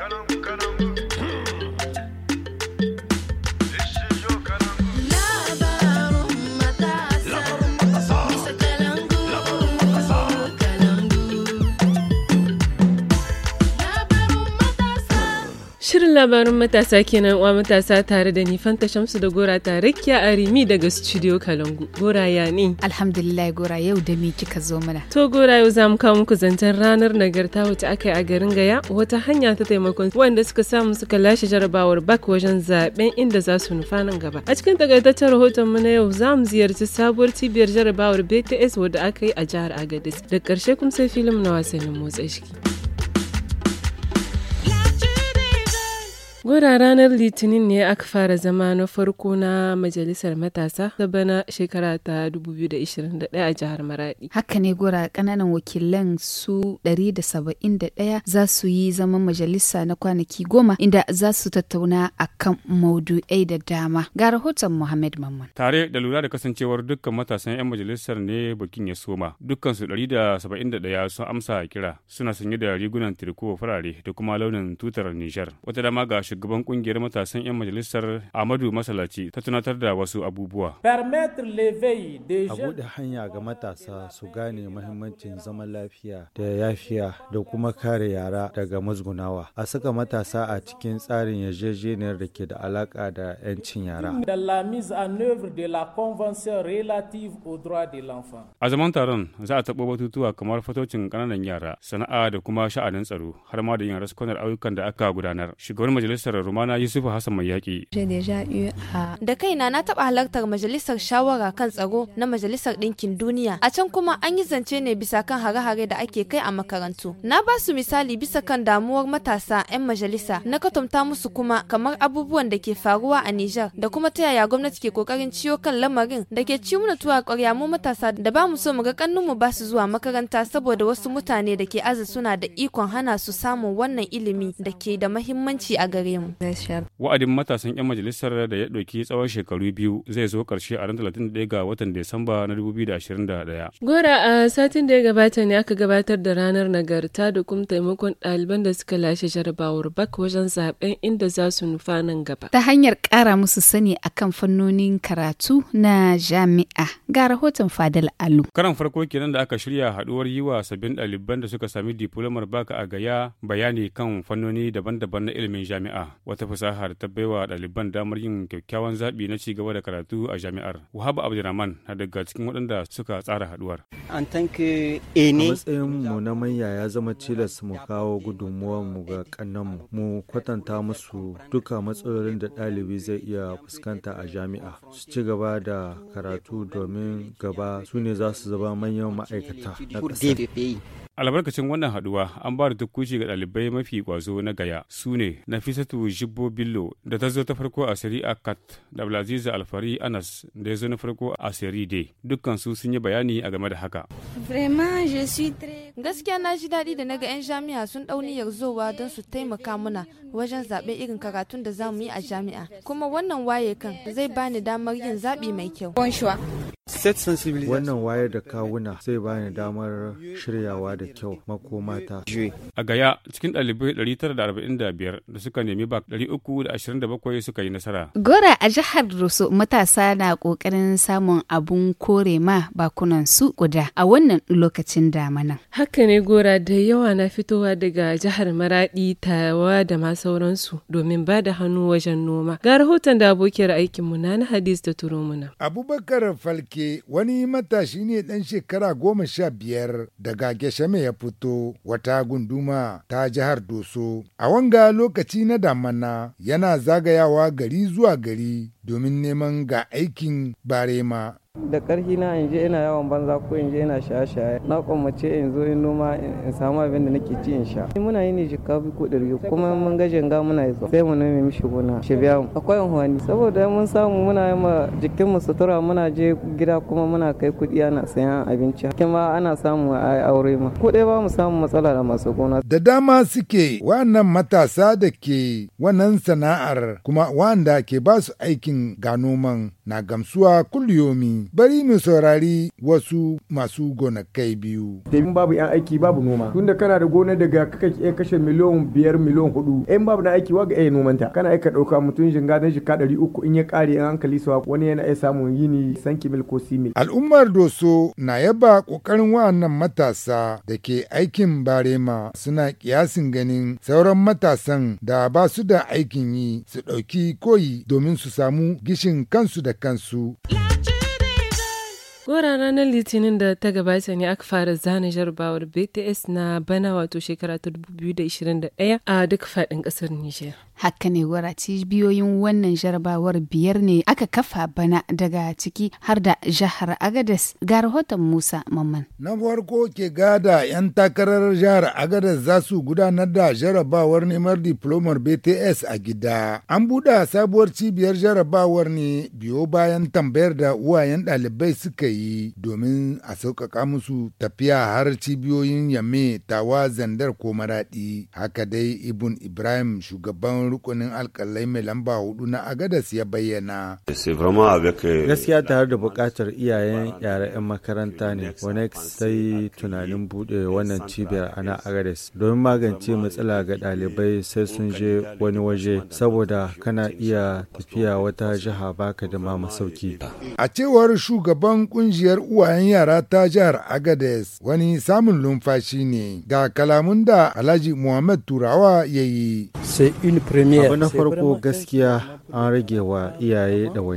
Caramba, caramba. Shirin labarin matasa kenan uwa matasa tare da nifan Fanta Shamsu da Gora tare a Arimi daga Studio Kalangu. Gora ya ne? Alhamdulillah Gora yau da me kika zo mana? To Gora yau za mu kawo muku zancen ranar nagarta wacce aka yi a garin Gaya wata hanya ta taimakon wanda suka samu suka lashe jarabawar bak wajen zaben inda za su nufa nan gaba. A cikin takaitaccen rahoton mu na yau za mu ziyarci sabuwar cibiyar jarabawar BTS wadda aka yi a jihar Agadis Da ƙarshe kuma sai filin na wasannin motsa shi. Gora ranar Litinin ne aka fara zama na farko na Majalisar Matasa ta bana shekara ta 2021 a jihar Maradi. Haka ne gora kananan wakilan su 171 za su yi zaman majalisa na kwanaki goma inda za su tattauna a kan maudu'ai da dama. Ga rahoton Muhammad Mamman. Tare da lura da kasancewar dukkan matasan 'yan majalisar ne bikin ya soma. Dukkan su 171 sun amsa kira suna sanye da rigunan tirko farare da kuma launin tutar Nijar. Wata dama ga shugaban kungiyar matasan 'yan majalisar Amadu Masalaci ta tunatar da wasu abubuwa. A buɗe hanya ga matasa su gane mahimmancin zaman lafiya da yafiya da kuma kare yara daga mazgunawa. A saka matasa a cikin tsarin yarjejeniyar da ke da alaƙa da 'yancin yara. A zaman taron za a taɓo batutuwa kamar fatocin ƙananan yara, sana'a da kuma sha'anin tsaro, har ma da yin raskunar ayyukan da aka gudanar. Shugaban majalisar majalisar rumana yusuf hassan mai yaƙi da kaina na taɓa halartar majalisar shawara kan tsaro na majalisar ɗinkin duniya a can kuma an yi zance ne bisa kan hare-hare da ake kai a makarantu na ba su misali bisa kan damuwar matasa 'yan majalisa na katumta musu kuma kamar abubuwan da ke faruwa a nijar da kuma ta yaya gwamnati ke kokarin ciyo kan lamarin da ke ci mana tuwa ƙwarya mu matasa da ba mu so mu ga mu ba su zuwa makaranta saboda wasu mutane da ke aza suna da ikon hana su samun wannan ilimi da ke da mahimmanci a gare gare mu. Wa'adin matasan 'yan majalisar da ya ɗauki tsawon shekaru biyu zai zo ƙarshe a ran 31 ga watan Desamba na 2021. Gora a satin da ya gabata ne aka gabatar da ranar nagarta da kuma taimakon ɗaliban da suka lashe jarabawar bak wajen zaben inda za su nufa nan gaba. Ta hanyar ƙara musu sani akan fannonin karatu na jami'a ga rahoton Fadal Alu. Karan farko kenan da aka shirya haɗuwar yi wa sabbin ɗaliban da suka sami diplomar baka a gaya bayani kan fannoni daban-daban na ilimin jami'a. jami'a wata fasahar ta baiwa ɗaliban damar yin kyakkyawan zaɓi na ci gaba da karatu a jami'ar wahaba abdulrahman na daga cikin waɗanda suka tsara haɗuwar eh, a matsayin mu na manya ya zama tilas mu kawo gudunmuwar mu ga kannanmu mu kwatanta musu duka matsalolin da ɗalibi zai iya fuskanta a jami'a su ci gaba da karatu domin gaba su ne za su zama manyan ma'aikata na albarkacin wannan haduwa an ba da tukkuci ga ɗalibai mafi kwazo na gaya su ne nafisatu jibbo billo da ta zo ta farko a siri kat da blaziza alfari anas da ya zo na farko a siri de dukkan su sun yi bayani a game da haka gaskiya na ji daɗi da naga 'yan jami'a sun ɗau niyyar zowa don su taimaka mana wajen zaɓe irin karatun da za mu yi a jami'a kuma wannan waye kan zai bani damar yin zaɓi mai kyau Wannan wayar da kawuna zai bani damar shiryawa da kyau makomata. A gaya cikin ɗalibai 945 da suka nemi bak 327 suka yi nasara. Gora a jihar Rusu matasa na ƙoƙarin samun abun kore ma bakunan su guda a wannan lokacin damana. Haka ne Gora da yawa na fitowa daga jihar Maradi tawa da ma sauransu domin ba da hannu wajen noma. Ga rahoton da abokiyar aikinmu na Hadis da Turomuna. Abubakar Falki ke wani matashi ne ɗan shekara goma sha biyar daga Geshame ya fito wata gunduma ta jihar Doso. A wanga lokaci na damana yana zagayawa gari zuwa gari domin neman ga aikin barema. da ƙarfi na in je ina yawan banza ko in je ina shaye-shaye na kwamace in zo in noma in samu abin da nake ci in sha muna yi ne jikka ko dirge kuma mun ga muna yi sai mu nemi mishi gona shi biya mu akwai unhuwani saboda mun samu muna yi ma jikin mu sutura muna je gida kuma muna kai kuɗi ana sayan abinci ma ana samu a aure ma ko ba mu samu matsala da masu gona da dama suke wannan matasa da ke wannan sana'ar kuma wanda ke ba su aikin ganoman na gamsuwa kulliyomi Bari mu saurari wasu masu gonakai biyu. Domin babu 'yan aiki babu noma. Tunda kana da gonar daga kaka kashe miliyan biyar miliyan hudu. Yan babu na aiki waga iya nomanta. Kana aika ɗauka mutum jinga na jika ɗari uku in ya ƙare yan hankali sawa wani yana iya samun yini sanki mil ko simil. Al'ummar Doso na yaba ƙoƙarin wa'annan matasa da ke aikin barema suna ƙiyasin ganin sauran matasan da ba su da aikin yi su ɗauki koyi domin su samu gishin kansu da kansu. tsoron ranar Litinin da ta gabata ne aka fara zana jarabawar BTS na bana wato shekara ta 2021 a duk fadin ƙasar Nijar. Haka ne cibiyoyin wannan jarabawar biyar ne aka kafa bana daga ciki har da jihar Agadez ga rahoton Musa Mamman. Na farko ke gada 'yan takarar jihar Agadez za su gudanar da jarabawar neman diplomar BTS a gida. An buɗe sabuwar cibiyar jarabawar ne biyo bayan tambayar da uwayen ɗalibai suka yi yi domin a sauƙaƙa musu tafiya har cibiyoyin yamme tawa zandar ko maraɗi haka dai ibn ibrahim shugaban rukunin alƙalai mai lamba hudu na agadas ya bayyana euh, gaskiya tare da buƙatar iyayen yara 'yan makaranta ne wanex ta yi tunanin buɗe wannan cibiyar a na agadas domin magance matsala ga ɗalibai sai sun je wani waje saboda kana iya tafiya wata jiha baka da ma masauki a cewar shugaban kungiyar uwayen yara ta jihar Agades wani samun lumfashi ne ga kalamun da Alhaji Muhammad Turawa ya yi. sai in premier abu na farko gaskiya an rage wa iyaye da a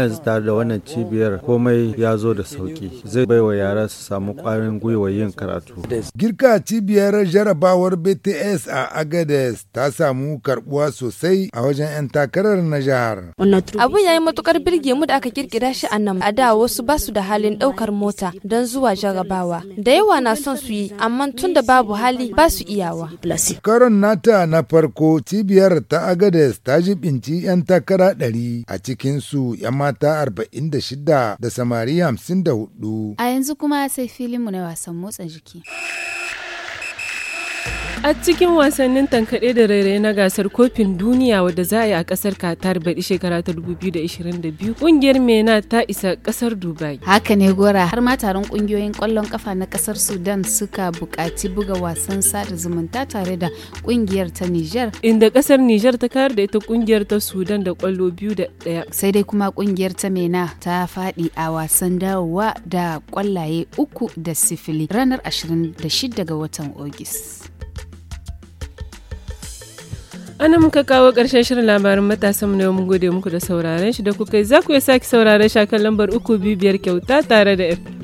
yanzu tare da wannan cibiyar komai ya zo da sauki zai bai wa yara su samu kwarin gwiwa yin karatu girka cibiyar jarabawar bts a agades ta samu karbuwa sosai a wajen 'yan takarar na jihar abun ya yi matukar birge mu da aka kirkira shi a nan a da wasu basu da halin ɗaukar mota don zuwa jarabawa da yawa na son su yi amma tun da babu hali ba su iyawa karon nata na farko cibiyar ta Agades ta jibinci 'yan takara 100 a cikinsu 'yan mata 46 da samari 54. A yanzu kuma sai filinmu na wasan motsa jiki. A cikin wasannin tankaɗe da rairayi na gasar kofin duniya wadda za a yi a ƙasar Qatar baɗi shekara ta 2022 ƙungiyar MENA ta isa ƙasar Dubai. Haka ne gora har ma taron ƙungiyoyin ƙwallon ƙafa na ƙasar Sudan suka buƙaci buga wasan sada zumunta tare da ƙungiyar ta Niger. Inda ƙasar Niger ta kayar da ita ƙungiyar ta Sudan da ƙwallo biyu da ɗaya. Sai dai kuma ƙungiyar ta MENA ta faɗi a wasan dawowa da ƙwallaye uku da sifili ranar 26 ga watan Ogis. ana muka kawo ƙarshen shirin labarin matasan mu na yau mun gode muku da sauraron shi da kuka yi za ku sake sauraron shakan lambar uku biyu biyar kyauta tare da f